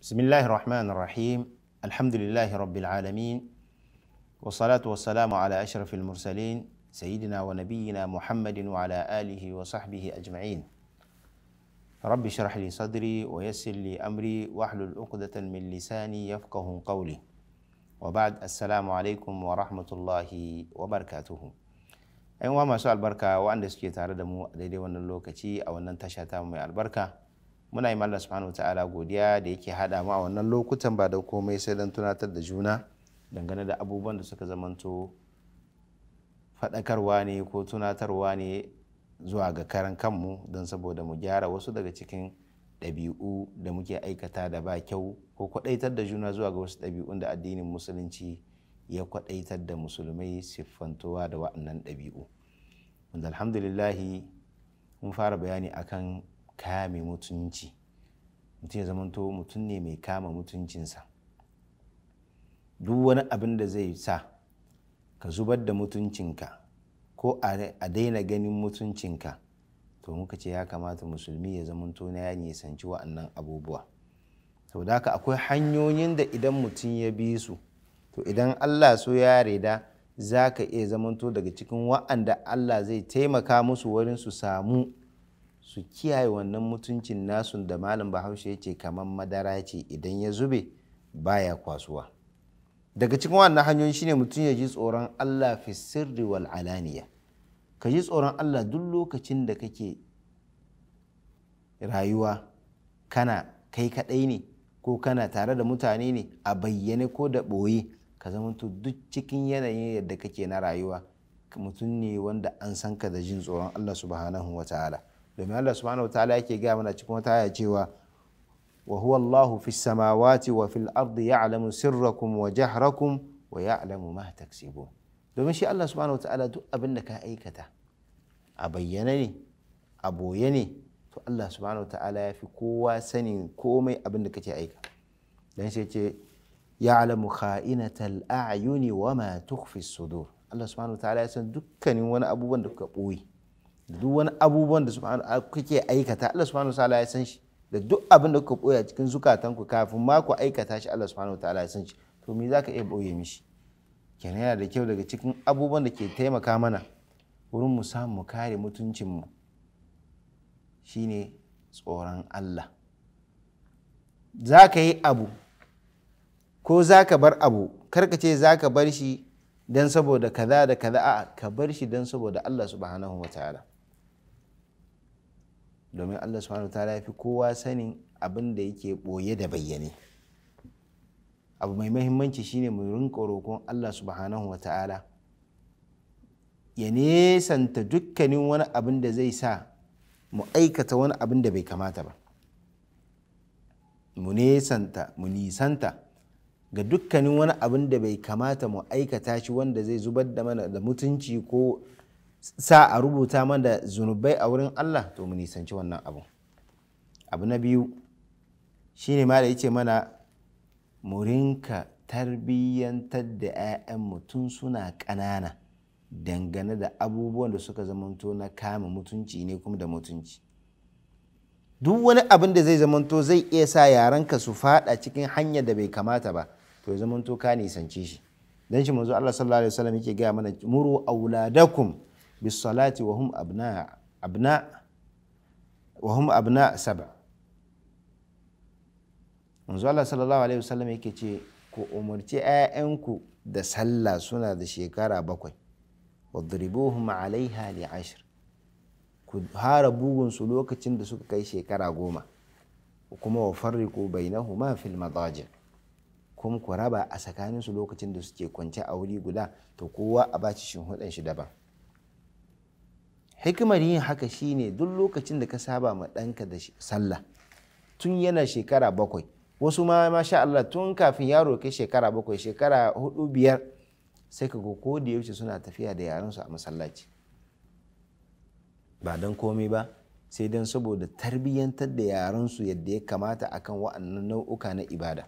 بسم الله الرحمن الرحيم الحمد لله رب العالمين والصلاة والسلام على أشرف المرسلين سيدنا ونبينا محمد وعلى آله وصحبه أجمعين رب اشرح لي صدري ويسر لي أمري واحلل عقدة من لساني يفقه قولي وبعد السلام عليكم ورحمة الله وبركاته ‘yan ما masu albarka waɗanda suke tare da mu a daidai wannan lokaci a wannan muna yi mallar subhanahu ta'ala godiya da yake haɗa mu a wannan lokutan ba da komai sai don tunatar da juna dangane da abubuwan da suka zamanto faɗakarwa ne ko tunatarwa ne zuwa ga karan kanmu don saboda mu gyara wasu daga cikin ɗabi'u da muke aikata da ba kyau ko kwaɗaitar da juna zuwa ga wasu ɗabi'un da addinin musulunci ya kwaɗaitar da musulmai siffantowa da waɗannan ɗabi'u wanda alhamdulillahi mun fara bayani akan kame mutunci mutum ya to mutum ne mai kama mutuncinsa duk wani abin da zai sa ka zubar da mutuncinka ko a daina ganin mutuncinka to muka ce ya kamata musulmi ya to na ya nisanci wa'annan abubuwa sau da haka akwai hanyoyin da idan mutum ya bi su to idan allah so ya reda za ka iya zamanto daga cikin wa'anda allah zai taimaka musu wurin su samu su kiyaye wannan mutuncin nasu da malam bahaushe ya ce kamar madara ce idan ya zube baya kwasuwa daga cikin wannan hanyoyi shine mutum ya ji tsoron allah fi sirri wal alaniya ka ji tsoron allah duk lokacin da kake rayuwa kana kai kadai ne ko kana tare da mutane ne a bayyane ko da ɓoye ka zama duk cikin yanayin yadda kake na rayuwa mutum ne wanda an san ka da jin tsoron allah subhanahu wa ta'ala domin Allah subhanahu wa ta'ala yake gaya mana cikin wata aya cewa wa huwa Allahu fis samawati wa fil ardi ya'lamu sirrakum wa jahrakum wa ya'lamu ma taksibun domin shi Allah subhanahu wa ta'ala duk abin da ka aikata a bayyana ne a boye ne to Allah subhanahu wa ta'ala ya fi kowa sanin komai abin da kake aika dan sai ce ya'lamu kha'inatal a'yuni wa ma tukhfi sudur Allah subhanahu wataala ya san dukkanin wani abubuwan da kuka ɓoye duk wani abubuwan da kuke aikata Allah subhanahu ta'ala ya san shi da duk abin da kuka boya cikin zukatanku kafin ma ku aikata shi Allah subhanahu ta'ala ya san shi to me zaka iya boye mishi kenan yana da kyau daga cikin abubuwan da ke taimaka mana wurin mu samu mu kare mutuncinmu shine tsoron Allah za ka yi abu ko za ka bar abu karka ce zaka ka bar shi don saboda kaza da kaza a ka bar shi don saboda Allah subhanahu wa ta'ala domin Allah subhanahu ta'ala ya fi kowa sanin abin da yake ɓoye da bayyane abu mai mahimmanci shine mu rinka roƙon Allah subhanahu wa ta'ala ya nesanta dukkanin wani abin da zai sa mu aikata wani abin da bai kamata ba mu nesanta mu nisanta ga dukkanin wani abin da bai kamata mu aikata shi wanda zai zubar da mana da mutunci ko sa a rubuta mana zunubai a wurin Allah to mu nisanci wannan abu abu na biyu shine ma da yace mana murinka tarbiyyantar da 'ya'yan mutum suna ƙanana dangane da abubuwan da suka zamanto na kama mutunci ne kuma da mutunci duk wani abin da zai zamanto zai iya sa yaranka su fada cikin hanyar da bai kamata ba to ya zamanto ka nisance shi dan shi manzo Allah sallallahu alaihi wasallam yake gaya mana muru auladakum bisalati wa hum abna abna saba manzo Allah sallallahu alaihi yake ce ku umarci 'ya'yanku da sallah suna da shekara bakwai wadribuhum alaiha li ashir ku hara bugunsu lokacin da suka kai shekara goma kuma wa farriqu bainahuma fil madaji kuma ku raba a tsakaninsu lokacin da suke kwance a wuri guda ta kowa a baci shin hudan daban hikimar yin haka shine duk lokacin da ka saba ma ɗanka da sallah tun yana shekara bakwai wasu ma masha Allah tun kafin yaro kai shekara bakwai shekara hudu biyar sai ka ga ko da yaushe suna tafiya da yaransu a masallaci ba don komai ba sai don saboda tarbiyyantar da yaransu yadda ya kamata akan wa'annan nau'uka na ibada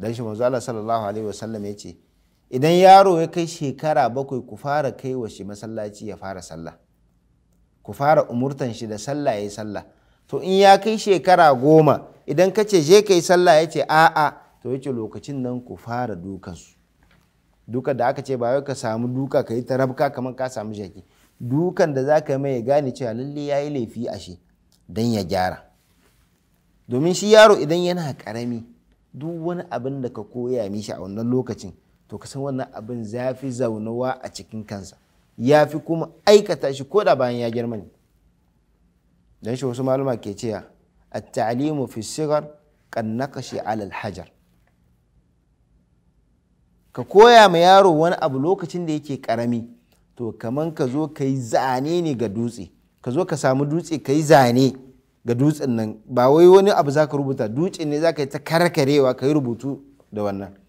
dan shi manzo Allah sallallahu alaihi wasallam ya ce idan yaro ya kai shekara bakwai ku fara kai wa shi masallaci ya fara sallah ku fara umurtan shi da sallah ya yi sallah to in ya kai shekara goma idan ka ce je ka yi sallah ya ce a'a to ya ce lokacin nan ku fara dukansu duka da aka ce ba wai ka samu duka ka yi tarabka kamar ka samu jaki dukan da za ka mai ya gane cewa lalle ya yi laifi a shi don ya gyara domin shi yaro idan yana karami duk wani abin da ka koya mishi a wannan lokacin to ka san wannan abin zafi zaunawa a cikin kansa ya fi kuma aikata shi ko da bayan ya girma ne don shi wasu maluma ke cewa a ta'alimu fi sigar kan naqashi alal hajar ka koya ma yaro wani abu lokacin da yake karami to kaman ka zo ka yi zane ne ga dutse ka zo ka samu dutse ka yi zane ga dutsen nan ba wai wani abu za ka rubuta dutse ne za ka yi ta karkarewa ka yi rubutu da wannan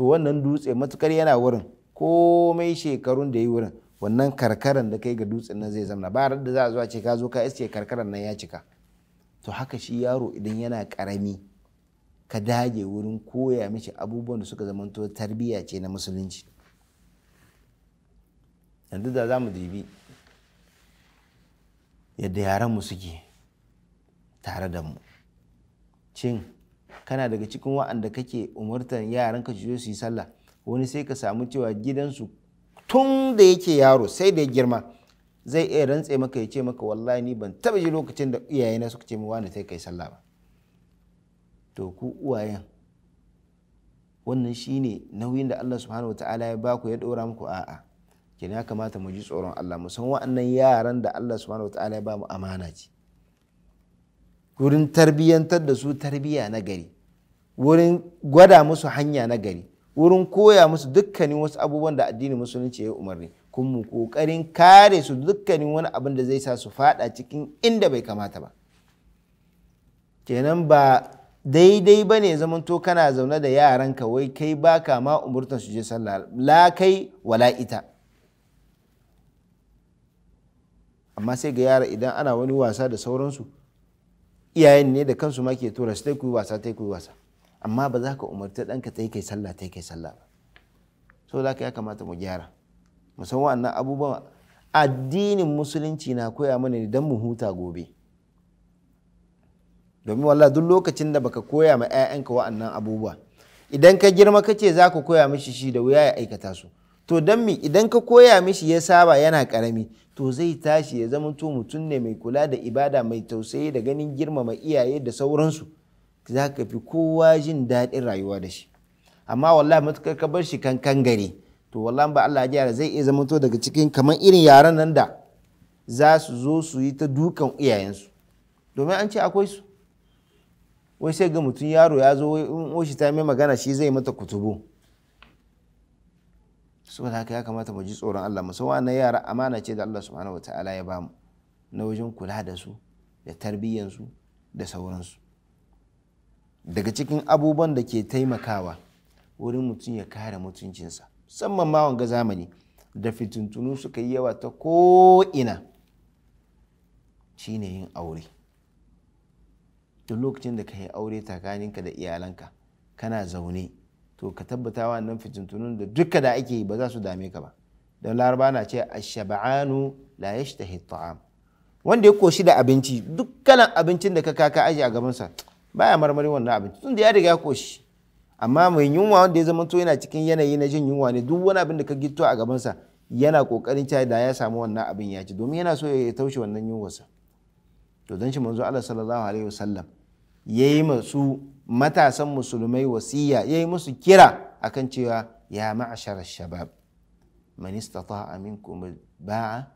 to wannan dutse matukar yana wurin komai shekarun da yi wurin wannan karkaran da kai ga dutsen nan zai zamana ba da za a zuwa ce ka zo ka iske karkaran nan ya cika to haka shi yaro idan yana karami ka dage wurin koya mishi abubuwan da suka zamanto tarbiyya ce na musulunci yanzu da za mu dubi yadda mu suke tare da mu cin kana daga cikin wa'anda kake umartan yaran ka su yi sallah wani sai ka samu cewa gidansu tun da yake yaro sai da ya girma zai iya rantse maka ya ce maka wallahi ni ban taba ji lokacin da iyayena suka ce wani sai kai sallah ba to ku uwayen wannan shine nauyin da Allah subhanahu wataala ya baku ya dora muku a'a kenan ya kamata mu ji tsoron Allah mu san wa'annan yaran da Allah subhanahu wataala ya ba mu amana ce Gurin tarbiyyantar da su tarbiyya na gari wurin gwada musu hanya na gari wurin koya musu dukkanin wasu abubuwan da addinin musulunci ya umarni kun mu kokarin kare su dukkanin wani abin da zai sa su fada cikin inda bai kamata ba kenan ba daidai ba ne zamanto kana zaune da yaranka wai kai ka ma umurtan su je sallah la kai wala ita amma sai ga yara idan ana wani wasa da sauransu iyayen ne da kansu ma ke tura su ta kuyi wasa ta kuyi wasa amma ba za ka umarta ɗanka ta yi kai sallah ta yi kai sallah ba so za ka ya kamata mu gyara musamman wannan abubuwa addinin musulunci na koya mana idan mu huta gobe domin walla duk lokacin da baka koya ma 'ya'yanka wa'annan abubuwa idan ka girma kace za ka koya mishi shi da wuya ya aikata su to don mi idan ka koya mishi ya saba yana karami to zai tashi ya zama to mutum ne mai kula da ibada mai tausayi da ganin girmama iyaye da sauransu za ka fi kowa jin daɗin rayuwa da shi amma wallahi matukar ka bar shi kankan gare to wallahi ba Allah ya zai iya zamanto daga cikin kamar irin yaran nan da za su zo su yi ta dukan iyayensu domin an ce akwai su wai sai ga mutum yaro ya zo in oshi ta mai magana shi zai mata kutubu. saboda haka ya kamata mu ji tsoron Allah mu na yara amana ce da Allah subhanahu wataala ya bamu na wajen kula da su da tarbiyyansu da sauransu daga cikin abubuwan da ke taimakawa wurin mutum ya kare mutuncinsa musamman ma wanga zamani da fitintunu suka yi yawa ta ko'ina shine yin aure duk lokacin da ka yi aure tsakaninka da iyalanka kana zaune to ka tabbata wannan fitintunun da duka da ake yi ba za su dame ka ba don laraba na ce ashaba'anu la yashtahi ta'am wanda ya koshi da abinci dukkanin abincin da ka kaka aji a gabansa baya marmarin wannan abinci tun da ya riga ya koshi amma mai yunwa wanda ya zama to yana cikin yanayi na jin yunwa ne duk wani abin da ka gito a gabansa yana kokarin cewa da ya samu wannan abin ya ci domin yana so ya taushe wannan yunwarsa to don shi manzo Allah sallallahu alaihi wasallam yayi masu matasan musulmai wasiya yayi musu kira akan cewa ya ma'ashar shabab man istata'a minkum ba'a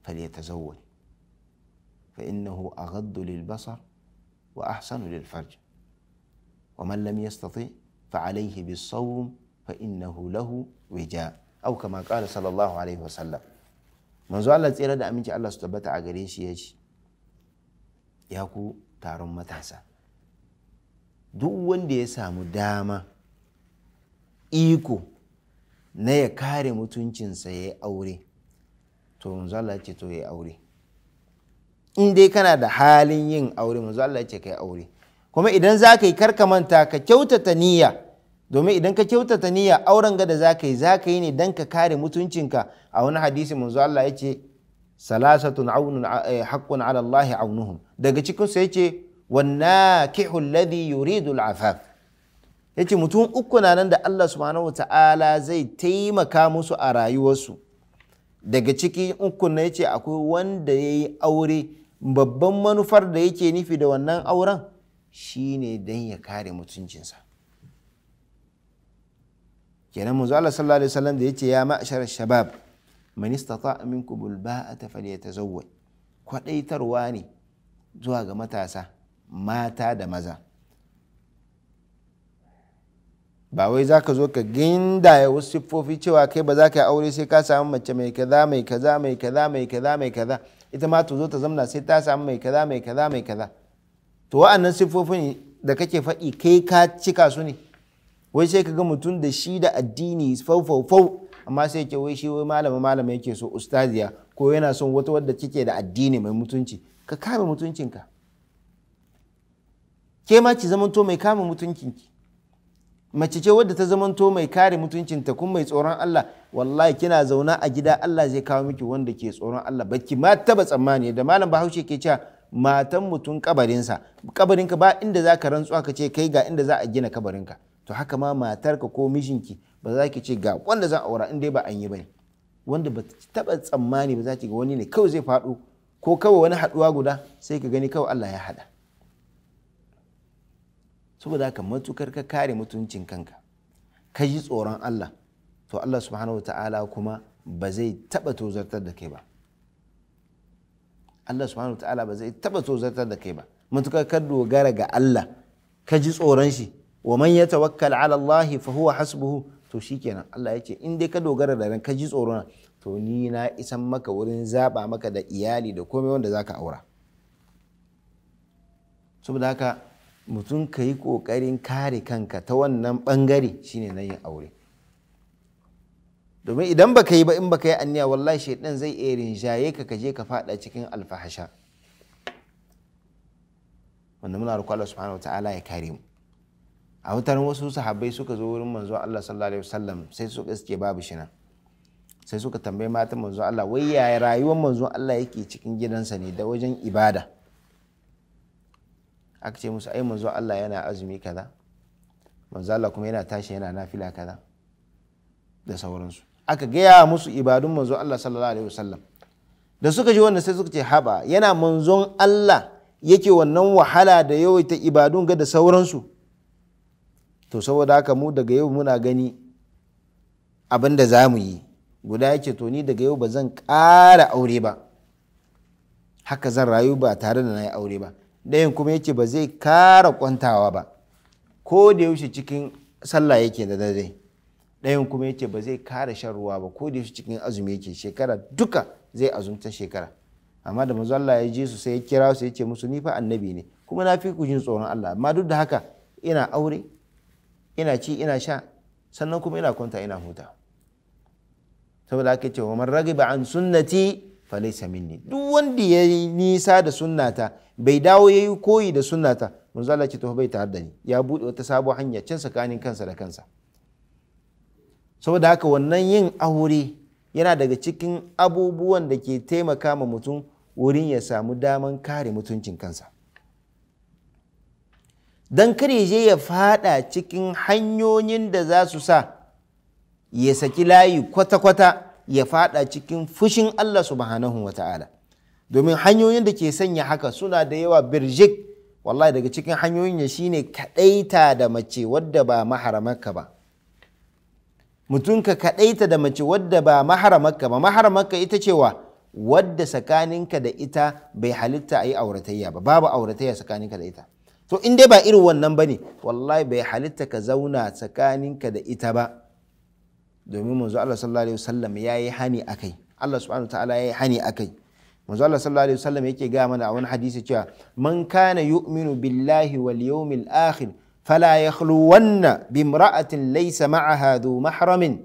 falyatazawwaj fa innahu aghaddu lil basar وأحسن للفرج ومن لم يستطع فعليه بالصوم فإنه له وجاء أو كما قال صلى الله عليه وسلم من زوال الزيرة دا أمينك الله ستبت عقريش يجي يكو تارم متاسا دوون دي سامو داما إيكو نيكاري متنشن سيأوري تو من زوال الزيرة أوري in dai kana da halin yin aure manzo Allah ya ce kai aure kuma idan za ka yi karka manta ka kyautata niyya domin idan ka kyautata niyya auren gada za ka yi za ka yi ne dan ka kare mutuncinka a wani hadisi manzo Allah ya ce salasatun aunun eh, haqqun ala Allah aunuhum daga cikin su yace wannakihu alladhi yuridu al'afaf yace mutum uku na nan da Allah subhanahu wa ta'ala zai taimaka musu a rayuwarsu daga ciki uku na ce akwai wanda ya yi aure babban manufar da yake nufi da wannan auren shine don ya kare mutuncinsa kenan mu zuwa sallallahu alaihi wasallam da yace ya ma'ashar shabab man istata'a minkum alba'ata falyatazawwaj kwadaitarwa ne zuwa ga matasa mata da maza ba wai za ka zo ka gindaya wasu siffofi cewa kai ba za ka yi aure sai ka samu mace mai kaza mai kaza mai kaza mai kaza mai kaza ita ma ta zo ta zamna sai ta samu mai kaza mai kaza mai kaza to wa'annan siffofin da kake faɗi kai ka cika su ne wai sai ka ga mutum da shi da addini fau fau fau amma sai ke wai shi wai malama malama yake so ustaziya ko yana son wata wadda kike da addini mai mutunci ka kame mutuncinka ke ma ki zamanto mai kame mutuncinki mace ce wadda ta zamanto mai kare mutuncinta kun mai tsoron Allah wallahi kina zauna a gida Allah zai kawo miki wanda ke tsoron Allah baki ma taba tsammani da malam Bahaushe ke cewa matan mutum kabarinsa kabarinka ba inda zaka rantsuwa ka ce kai ga inda za a gina kabarinka to haka ma matarka ko mijinki ba za ki ce ga wanda za a aura in dai ba an yi bane wanda ba taba tsammani ba za ki ga wani ne kawai zai faɗo ko kawai wani haɗuwa guda sai ka gani kawai Allah ya haɗa saboda haka matukar ka kare mutuncin kanka ka yi tsoron Allah to Allah subhanahu wa ta'ala kuma ba zai taba tozartar da kai ba Allah subhanahu wa ta'ala ba zai taba tozartar da kai ba matukar ka dogara ga Allah ka ji tsoron shi wa man ya tawakkal ala Allah fa huwa hasbuhu to shikenan Allah ya ce in dai ka dogara da ran ka ji tsoron to ni na isan maka wurin zaba maka da iyali da komai wanda zaka aura saboda haka mutum ka yi ƙoƙarin kare kanka ta wannan ɓangare shine na yin aure domin idan baka yi ba in baka yi anniya wallahi shaidan zai iya rinjaye ka kaje je ka fada cikin alfahasha wanda muna roƙo Allah subhanahu ta'ala ya kare mu a wutar wasu sahabbai suka zo wurin manzo Allah sallallahu alaihi wasallam sai suka suke babu shina sai suka tambayi matan manzo Allah wai yaya rayuwar manzo Allah yake cikin gidansa ne da wajen ibada aka ce musu ai manzo Allah yana azumi kaza manzo Allah kuma yana tashi yana nafila kaza da sauransu aka gaya musu ibadun manzo Allah sallallahu alaihi wasallam da suka ji wannan sai suka ce haba yana manzon Allah yake wannan wahala da ta ibadun ga da sauransu to saboda haka mu daga yau muna gani abin da za mu yi guda yake to ni daga yau ba zan ƙara aure ba haka zan rayu ba tare da na yi aure ba ɗayan kuma yace ba zai kara kwantawa ba ko da yaushe cikin sallah yake da dare ɗayan kuma yace ba zai kara shan ruwa ba ko da yaushe cikin azumi yake shekara duka zai azumta shekara amma da manzo Allah ya je su sai ya kira su ya ce musu ni fa annabi ne kuma na fi ku jin tsoron Allah amma duk da haka ina aure ina ci ina sha sannan kuma ina kwanta ina huta saboda haka ce wa man ragiba an sunnati falaisa minni duk wanda ya yi nisa da sunnata bai dawo ya yi koyi da sunnata manzo Allah ce to bai tare da ni ya buɗe wata sabuwar hanya can tsakanin kansa da kansa saboda haka wannan yin aure yana daga cikin abubuwan da ke taimaka ma mutum wurin ya samu daman kare mutuncin kansa don kare je ya fada cikin hanyoyin da za su sa ya saki layi kwata-kwata ya fada cikin fushin Allah subhanahu wa ta'ala domin hanyoyin da ke sanya haka suna da yawa birjik wallahi daga cikin hanyoyin ya shine kadaita da mace wadda ba maharamarka ba mutum ka kadaita da mace wadda ba maharamarka ba maharamarka ita cewa wadda tsakaninka da ita bai halitta a yi auratayya ba babu auratayya tsakaninka da ita to in dai ba irin wannan ne. wallahi bai halitta ka zauna tsakaninka da ita ba domin manzo Allah sallallahu alaihi wasallam yayi hani akai Allah subhanahu ta'ala yayi hani akai manzo Allah sallallahu alaihi wasallam yake ga mana a wani hadisi cewa man kana yu'minu billahi wal yawmil akhir fala yakhluwanna bimra'atin laysa ma'aha dhu mahramin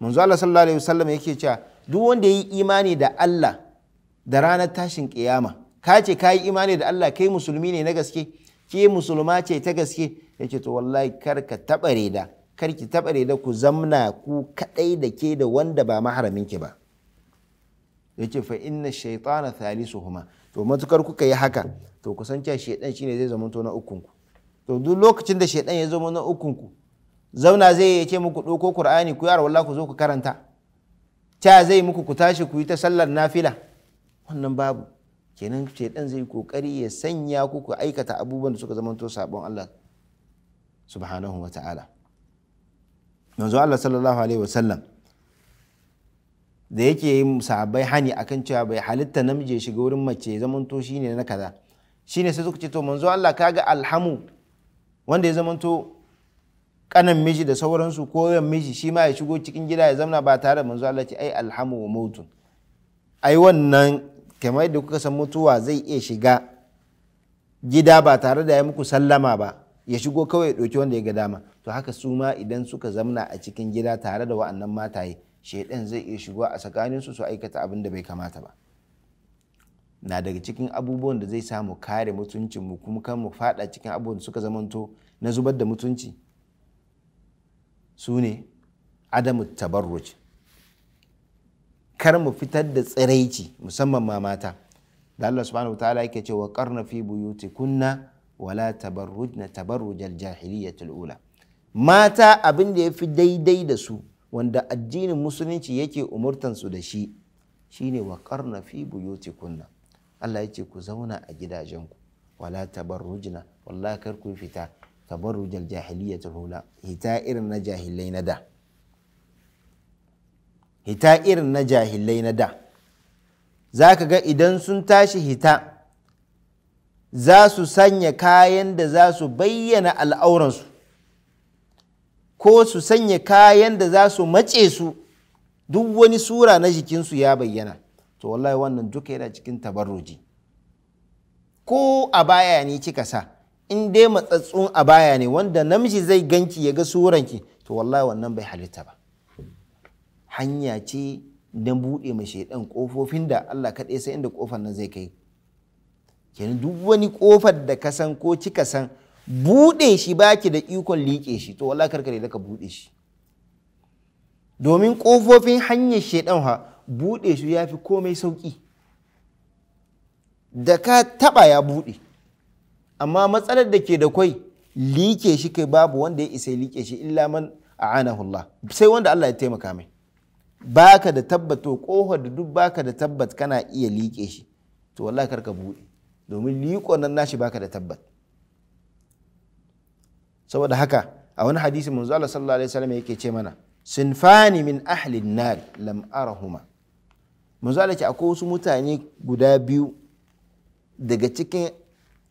manzo Allah sallallahu alaihi wasallam yake cewa duk wanda yayi imani da Allah da ranar tashin kiyama ka ce ka yi imani da Allah kai musulmi ne na gaske ke musulma ce ta gaske yake to wallahi kar ka taɓa reda kar ki taɓa rena ku zamna ku kaɗai da ke da wanda ba maharamin ki ba yace fa inna shaytana thalisuhuma to matukar kuka yi haka to ku san cewa shaydan shine zai zama to na ukun ku to duk lokacin da shaydan ya zama na ukun ku zauna zai yace muku doko qur'ani ku yar wallahi ku zo ku karanta ta zai muku ku tashi ku yi ta sallar nafila wannan babu kenan shaydan zai kokari ya sanya ku ku aikata abubuwan da suka zama to sabon Allah subhanahu wa ta'ala manzo Allah sallallahu alaihi wasallam da yake yi sahabbai hani akan cewa bai halitta namiji ya shiga wurin mace zamanto shine na kaza shine sai suka ce to manzo Allah kaga alhamu wanda ya zamanto kanan miji da sauransu ko yan miji shi ma ya shigo cikin gida ya zamana ba tare da manzo Allah ce ai alhamu wa mautun ai wannan kamar yadda kuka san mutuwa zai iya shiga gida ba tare da ya muku sallama ba ya shigo kawai ya ɗauki wanda ya ga dama to haka su ma idan suka zamna a cikin gida tare da wa'annan mataye shaidan zai iya shigo a tsakanin su su aikata abin da bai kamata ba na daga cikin abubuwan da zai samu kare mutuncin mu kuma kan mu fada cikin abubuwan da suka zamanto na zubar da mutunci su ne adamu tabarruj kar mu fitar da tsiraici musamman ma mata da Allah subhanahu wa ta'ala yake cewa karna fi kunna wala tabarrujna tabarrujal jahiliyatul ula mata abin da yafi daidai da su wanda addinin musulunci yake umurtan su da shi shine wa qarna fi buyutikunna Allah yace ku zauna a gidajenku wala tabarrujna wallahi kar ku fita tabarrujal jahiliyatul ula hita irin na jahilai na da hita irin na jahilai na da za ka ga idan sun tashi hita za su sanya kayan da za su bayyana al'auransu ko su sanya kayan da za su mace su duk wani sura na jikinsu ya bayyana to wallahi wannan duka yana cikin tabarruji ko a baya ne kika sa in dai matsatsun a baya ne wanda namiji zai ganki ya ga suranki to wallahi wannan bai halitta ba hanya ce don buɗe mashi shaidan ƙofofin da Allah kaɗai sai inda ƙofar nan zai kai kenan duk wani kofar da ka san ko kika san buɗe shi baki da ikon liƙe shi to wallahi karkare da ka buɗe shi domin ƙofofin hanyar shaidan ha buɗe su ya fi komai sauƙi da ka taɓa ya buɗe amma matsalar da ke da kwai liƙe shi kai babu wanda ya isa liƙe shi illa man a'anahu sai wanda Allah ya taimaka mai baka da tabbato ƙofar da duk baka da tabbat kana iya liƙe shi to wallahi karka buɗe domin liƙo nan nashi baka da tabbat saboda haka a wani hadisi manzo Allah sallallahu alaihi wasallam yake ce mana sinfani min ahli nar lam arahuma manzo Allah ce akwai wasu mutane guda biyu daga cikin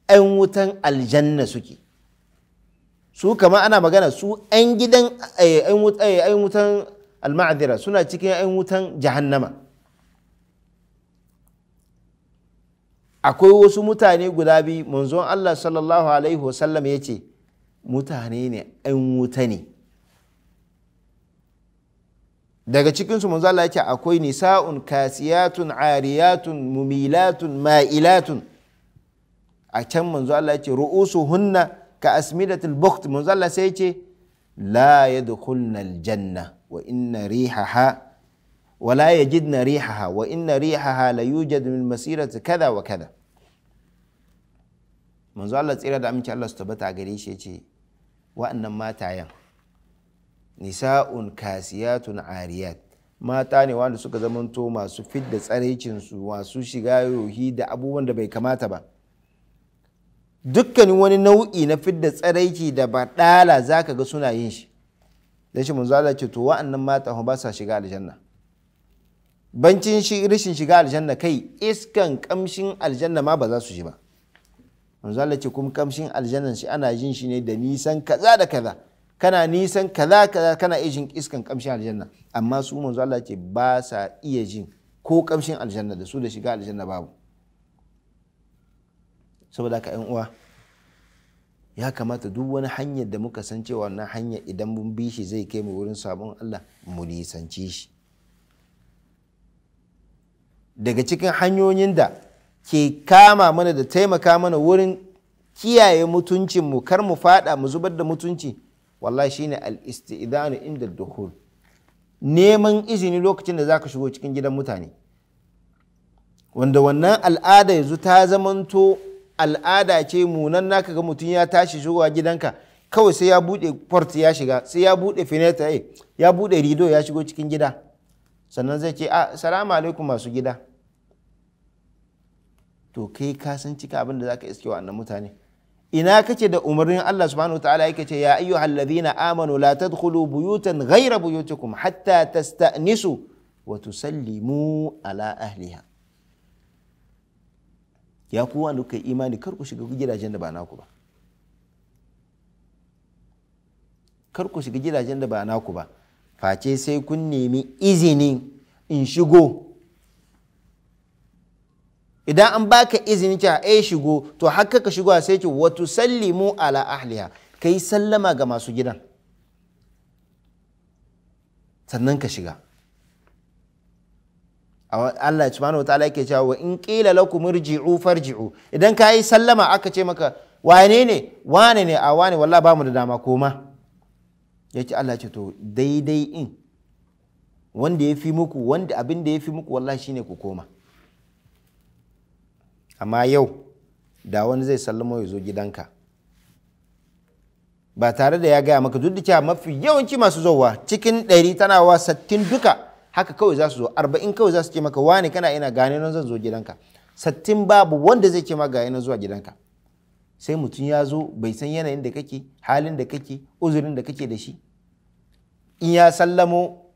'yan wutan aljanna suke su kama ana magana su 'yan gidan 'yan eh, wutan eh, alma'adira suna cikin 'yan wutan jahannama akwai wasu mutane guda biyu manzon Allah sallallahu alaihi wasallam ya ce mutane ne ‘yan wuta ne daga cikinsu manzon Allah ya ce akwai nisa'un kasiyatun ariyatun mumilatun ma'ilatun a can manzon Allah ya ce ru'usu hunna ka asmidatul bukht manzon Allah sai ya ce la yadkhulna janna wa inna rihaha wala yajidna rihaha wa inna rihaha la yujad min masirati kaza wa kaza manzo Allah tsira da aminci Allah su tabbata gare shi yace wa'annan matayen nisa'un kasiyatun ariyat mata ne wanda suka zamanto masu fidda tsaraicinsu masu shiga yohi da abubuwan da bai kamata ba Dukkani wani nau'i na fidda tsaraici da baɗala za ka ga suna yin shi da shi manzo Allah ce to wa'annan mata ba sa shiga aljanna bancin shi rashin shiga aljanna kai iskan kamshin aljanna ma ba za su shi ba manzo Allah ce kuma kamshin aljanna shi ana jin shi ne da nisan kaza da kaza kana nisan kaza kaza kana iya jin iskan kamshin aljanna amma su manzo Allah ce ba sa iya jin ko kamshin aljanna da su da shiga aljanna babu saboda ka yan uwa ya kamata duk wani hanyar da muka san cewa wannan hanya idan mun bi shi zai kai mu wurin sabon Allah mu nisanci shi daga cikin hanyoyin da ke kama mana da taimaka mana wurin kiyaye mutuncinmu kar mu fada mu zubar da mutunci wallahi shine al-istidanu inda dukhul neman izini lokacin da zaka shigo cikin gidan mutane wanda wannan al'ada yanzu ta zamanto al'ada ce mu nan naka ga mutum ya tashi shigowa gidanka kawai sai ya bude port ya shiga sai ya bude feneta eh, ya bude rido ya shigo cikin gida sannan zai ce a ah, salamu alaikum masu gida to kai ka san cika abin da zaka iske wa mutane ina kace da umarnin Allah subhanahu wa ta'ala yake ce ya ayyuhal ladhina amanu la tadkhulu buyutan ghayra buyutikum hatta tasta'nisu wa tusallimu ala ahliha ya ku wanda kuka imani kar ku shiga gidajen da ba naku ba kar ku shiga gidajen da ba naku ba face sai kun nemi izinin in shigo idan an baka izini cewa A eh, shigo to haka ka shigo sai ce wato sallimu ala ahliya. Ka yi sallama ga masu gidan sannan ka shiga Allah ya subhanahu wataala yake cewa wa in qila lakum irji'u farji'u idan ka yi sallama aka ce maka wane ne wane ne a wane wallahi bamu da dama koma yace Allah ce to daidai in wanda ya fi muku wanda abin da ya fi muku wallahi shine ku koma amma yau da wani zai sallama ya zo gidanka ba tare da ya gaya maka duk da mafi yawanci masu zowa cikin ɗari tana wa sattin duka haka kawai za su zo arba'in kawai za su ce maka wani kana ina gane nan zan zo gidanka sattin babu wanda zai ce ma ga yana zuwa gidanka sai mutum ya zo bai san yanayin da kake halin da kake uzurin da kake da shi in ya sallamo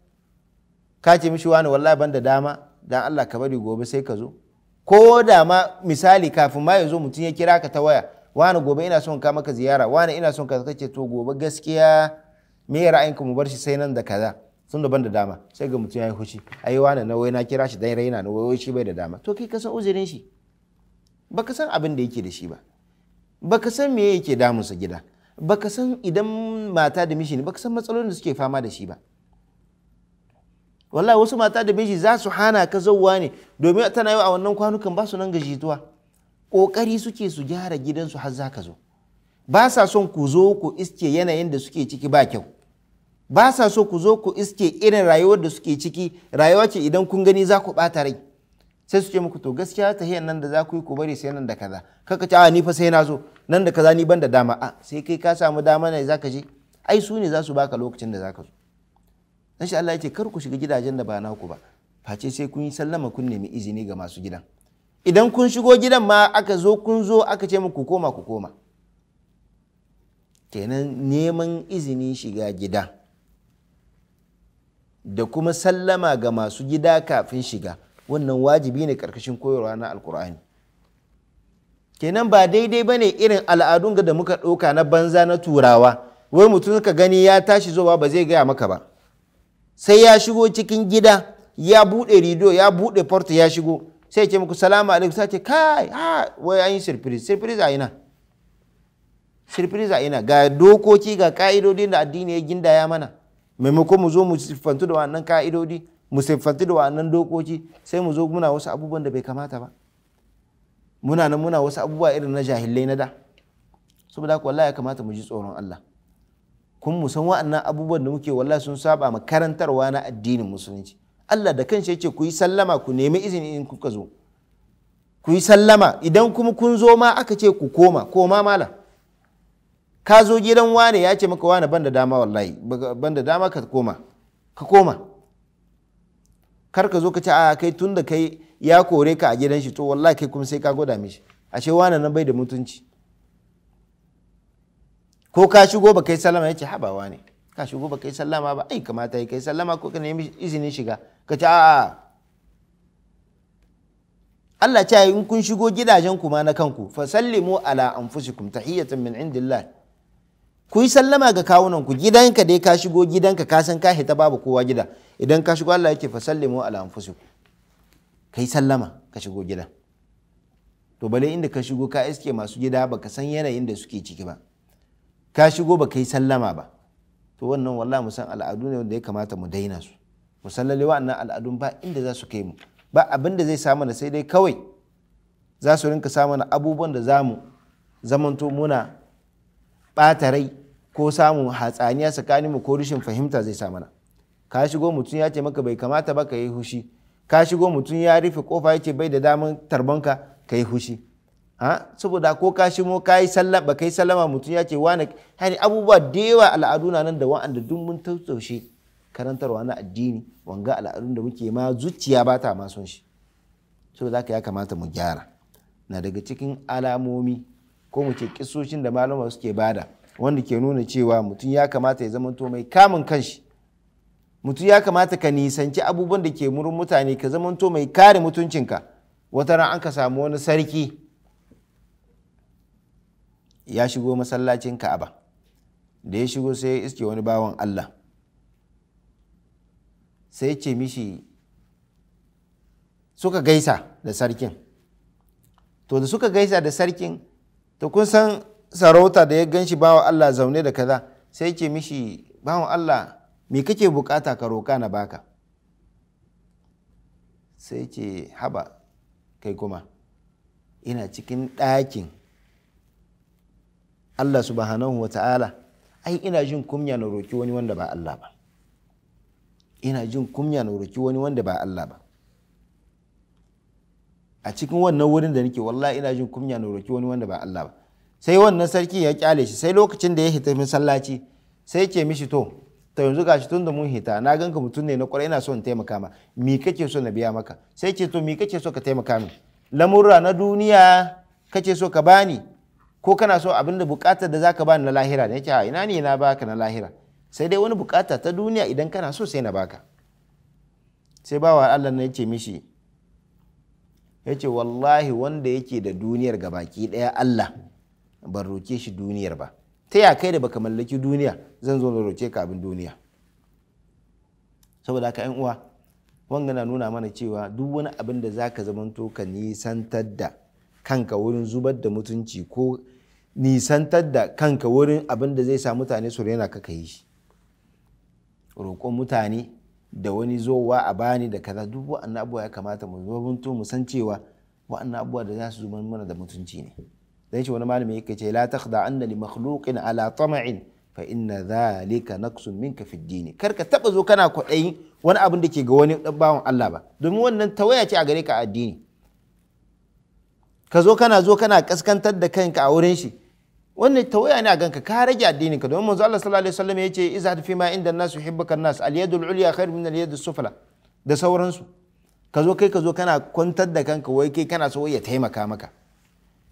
ka ce mishi wani wallahi ban da dama dan Allah ka bari gobe sai ka zo ko da ma misali kafin ma ya zo mutum ya kira ka ta waya wani gobe ina son ka maka ziyara wani ina son ka kace to gobe gaskiya me ya mu bar shi sai nan da kaza sun daban da dama sai ga mutum ya yi hushi ai wani na wai na kira shi dan raina na wai shi bai da dama to kai ka san uzurin shi baka san abin da yake da shi ba baka san me yake damunsa gida baka san idan mata da mishi ne baka san matsalolin da suke fama da shi ba wallahi wasu mata da miji za su hana ka zauwa ne domin tana yau a wannan kwanukan ba su nan gajituwa kokari suke su gyara gidansu har za ka zo ba sa son ku zo ku iske yanayin da suke ciki ba kyau ba sa so ku zo ku iske irin rayuwar da suke ciki rayuwa ce idan kun gani za ku bata rai sai su ce muku to gaskiya ta nan da za ku yi ku bari sai nan da kaza kaka ce a ni fa sai na zo nan da kaza ni ban da dama a sai kai ka samu dama ne za ka je ai su ne za su baka lokacin da za ka zo dan shi Allah ya kar ku shiga gidajen da ba naku ba face sai kun yi sallama kun nemi izini ga masu gidan idan kun shigo gidan ma aka zo kun zo aka ce muku koma ku koma kenan neman izini shiga gida da kuma sallama ga masu gida kafin shiga wannan wajibi ne karkashin koyarwa na alkur'ani kenan ba daidai ba ne irin al'adun ga da muka ɗauka na banza na turawa wai mutum ka gani ya tashi zowa ba zai gaya maka ba sai ya shigo cikin gida ya buɗe rido ya buɗe porta ya shigo sai ce muku salamu alaikum sai ce kai ha wai an yi surprise surprise a ina surprise a ina ga dokoki ga ka'idodin da addini ya gindaya mana maimakon mu zo mu siffantu da wannan ka'idodi mu siffantu da wannan dokoki sai mu zo muna wasu abubuwan da bai kamata ba muna nan muna wasu abubuwa irin na jahilai na da saboda haka wallahi ya kamata mu ji tsoron Allah kun mu san wa'annan abubuwan da muke walla sun saba ma karantarwa na addinin musulunci Allah da kanshi yake ku yi sallama ku nemi izini in kuka zo ku yi sallama idan kuma kun zo ma aka ce ku koma koma malam ka zo gidan wane ya ce maka wane banda dama wallahi banda dama ka koma ka koma kar ka zo ka ce a kai tun da kai ya kore ka a gidan shi to wallahi kai kuma sai ka gwada mishi ashe wane nan bai da mutunci ko ka shigo ba kai sallama ya ce habawa ne ka shigo ba kai sallama ba ai kamata ya kai sallama ko ka nemi izinin shiga ka ce a'a Allah ce in kun shigo gidajen ku ma na kanku fa sallimu ala anfusikum tahiyatan min indillah ku yi sallama ga kawunan ku gidanka dai ka shigo gidanka ka san ka hita babu kowa gida idan ka shigo Allah yake fa sallimu ala anfusikum kai sallama ka shigo gida to bale inda ka shigo ka iske masu gida baka san yanayin da suke ciki ba ka shigo ba ka yi sallama ba to wannan wallahi mu san al'adu ne wanda ya kamata mu daina su mu san lalle wa'annan al'adun ba inda za su kai mu ba abin da zai samu na sai dai kawai za su rinka samu na abubuwan da za mu zamanto muna ɓata rai ko samun hatsaniya tsakanin mu ko rashin fahimta zai sa mana ka shigo mutum ya ce maka bai kamata ba ka yi hushi ka shigo mutum ya rufe kofa ya ce bai da damar tarbanka ka yi hushi saboda ko ka shimo ka yi sallah ba kai sallama mutum ya ce wani hani abubuwa da yawa al'adu na nan da wa'anda duk mun taushe karantarwa na addini wanga al'adun da muke ma zuciya ba ta ma son shi saboda haka ya kamata mu gyara na daga cikin alamomi ko mu ce kisoshin da malama suke bada wanda ke nuna cewa mutum ya kamata ya zama to mai kamun kanshi mutum ya kamata ka nisanci abubuwan da ke murin mutane ka zama to mai kare mutuncinka wata ran an ka samu wani sarki ya shigo masallacin ka'aba da ya shigo sai ya iske wani bawan allah sai ce mishi suka gaisa da sarkin to da suka gaisa da sarkin to kun san sarauta da ya ganshi bawa allah zaune da kaza sai ce mishi bawan allah me kake bukata ka roka na baka sai ce haba kai kuma ina cikin ɗakin Allah subhanahu wa ta'ala ai ina jin kumya na roki wani wanda ba Allah ba ina jin kumya na roki wani wanda ba Allah ba a cikin wannan wurin da nake wallahi ina jin kumya na roki wani wanda ba Allah ba sai wannan sarki ya kyale shi sai lokacin da ya hita sallaci sai ke mishi to ta yanzu gashi tun da mun hita na ganka mutum ne na kwarai ina so in taimaka ma mi kake so na biya maka sai ce to mi kake so ka taimaka min lamurra na duniya kake so ka bani ko kana so abin da bukatar da zaka bani na lahira ne yake ina ne na baka na lahira sai dai wani bukata ta duniya idan kana so sai na baka sai bawa Allah ne yace mishi yace wallahi wanda yake da duniyar ga baki daya Allah ban roke shi duniyar ba ta ya kai da baka mallaki duniya zan zo na roke ka abin duniya saboda haka yan uwa wanga na nuna mana cewa duk wani abin da zaka zamanto ka nisantar da kanka wurin zubar da mutunci ko nisantar da kanka wurin abin da zai sa mutane su rena ka yi shi roƙon mutane da wani zowa a bani da kaza duk wa'annan abubuwa ya kamata mu zobunto mu san cewa wa'annan abubuwa da za su zuba mana da mutunci ne zai ce wani malami yake ce la takhda anna li makhluqin ala tama'in fa inna dhalika naqsun minka fi dini kar ka taba zo kana kwaɗayin wani abin da ke ga wani dan bawan Allah ba domin wannan tawaya ce a gare ka addini ka zo kana zo kana kaskantar da kanka a wurin shi wannan tawaya ne a ganka ka rage addinin ka domin manzo Allah sallallahu alaihi wasallam yace iza fi ma inda nasu yuhibbuka nas al yadul ulya khair min al yadus sufla da sauransu ka zo kai ka zo kana kwantar da kanka wai kai kana so ya taimaka maka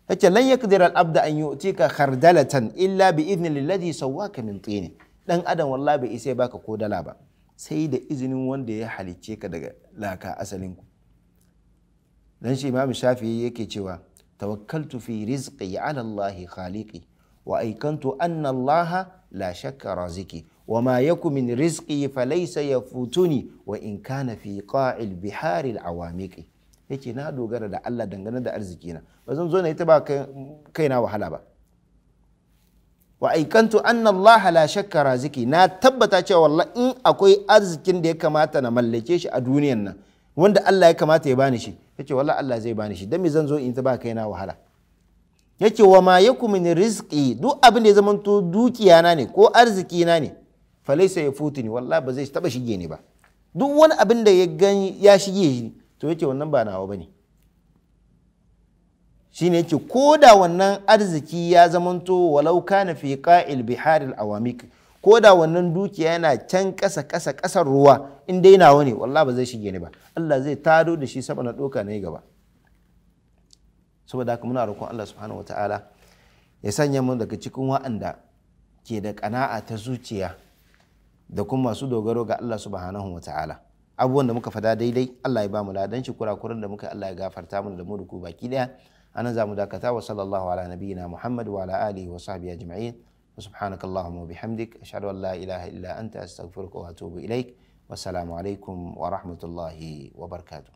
yace lan yaqdir al abda an yu'tika khardalatan illa bi idni alladhi sawwaka min tin dan adam wallahi bai isa baka ko dala ba sai da izinin wanda ya halicce ka daga laka asalin ku dan shi imam shafi'i yake cewa tawakkaltu fi rizqi ala allahi khaliqi wa aikantu anna la shakka raziki wa ma yaku min rizqi falaysa yafutuni wa in kana fi qa'il yace na dogara da Allah dangane da arziki na ba zan zo na ita ba kaina wahala ba wa aikantu anna la shakka raziki na tabbata cewa wallahi in akwai arzikin da ya kamata na mallake shi a duniyan nan wanda Allah ya kamata ya bani shi yace wallahi Allah zai bani shi dan me zan zo in ta ba kaina wahala yake wa ma kuma min riski duk abin da ya to dukiya na ne ko arziki na ne fa futu yafutuni walla ba zai taba shige ni ba duk wani abin da ya gani ya shige shi to yake wannan ba nawa bane shine yake ko da wannan arziki ya zamanto walau kana fi qa'il al awamik ko da wannan dukiya yana can kasa kasa kasar ruwa in dai nawa ne walla ba zai shige ne ba Allah zai taro da shi sama na doka ne gaba saboda haka muna roƙon Allah subhanahu wataala ya sanya mu daga cikin wa'anda ke da ƙana'a ta zuciya da kuma masu dogaro ga Allah subhanahu wataala abubuwan da muka fada daidai Allah ya ba mu ladan shi kurakuran da muka Allah ya gafarta mu da mu ruku baki daya anan za mu dakata wa sallallahu ala nabiyyina Muhammad wa ala alihi wa sahbihi ajma'in سبحانك اللهم وبحمدك أشهد أن لا إله إلا أنت أستغفرك وأتوب إليك والسلام عليكم ورحمة الله وبركاته